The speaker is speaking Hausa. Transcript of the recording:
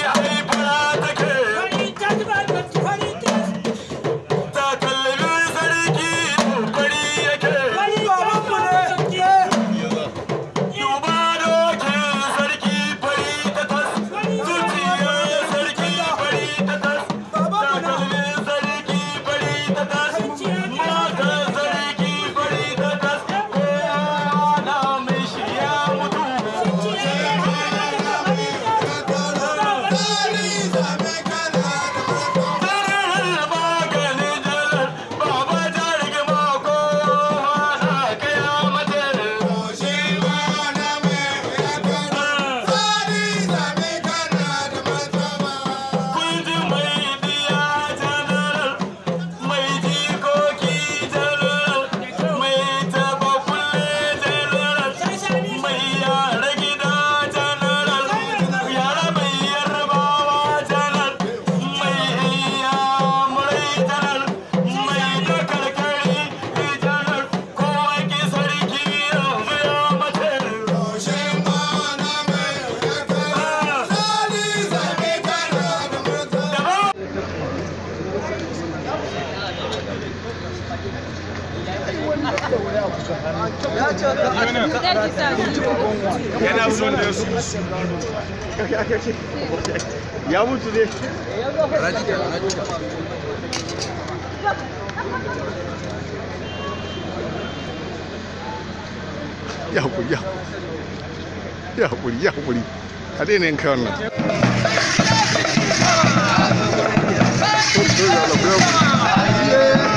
Hey brother. yana son da su ya mutu ne ya haƙuri ya haƙuri ya haƙuri a daina yin kawon nan Yeah.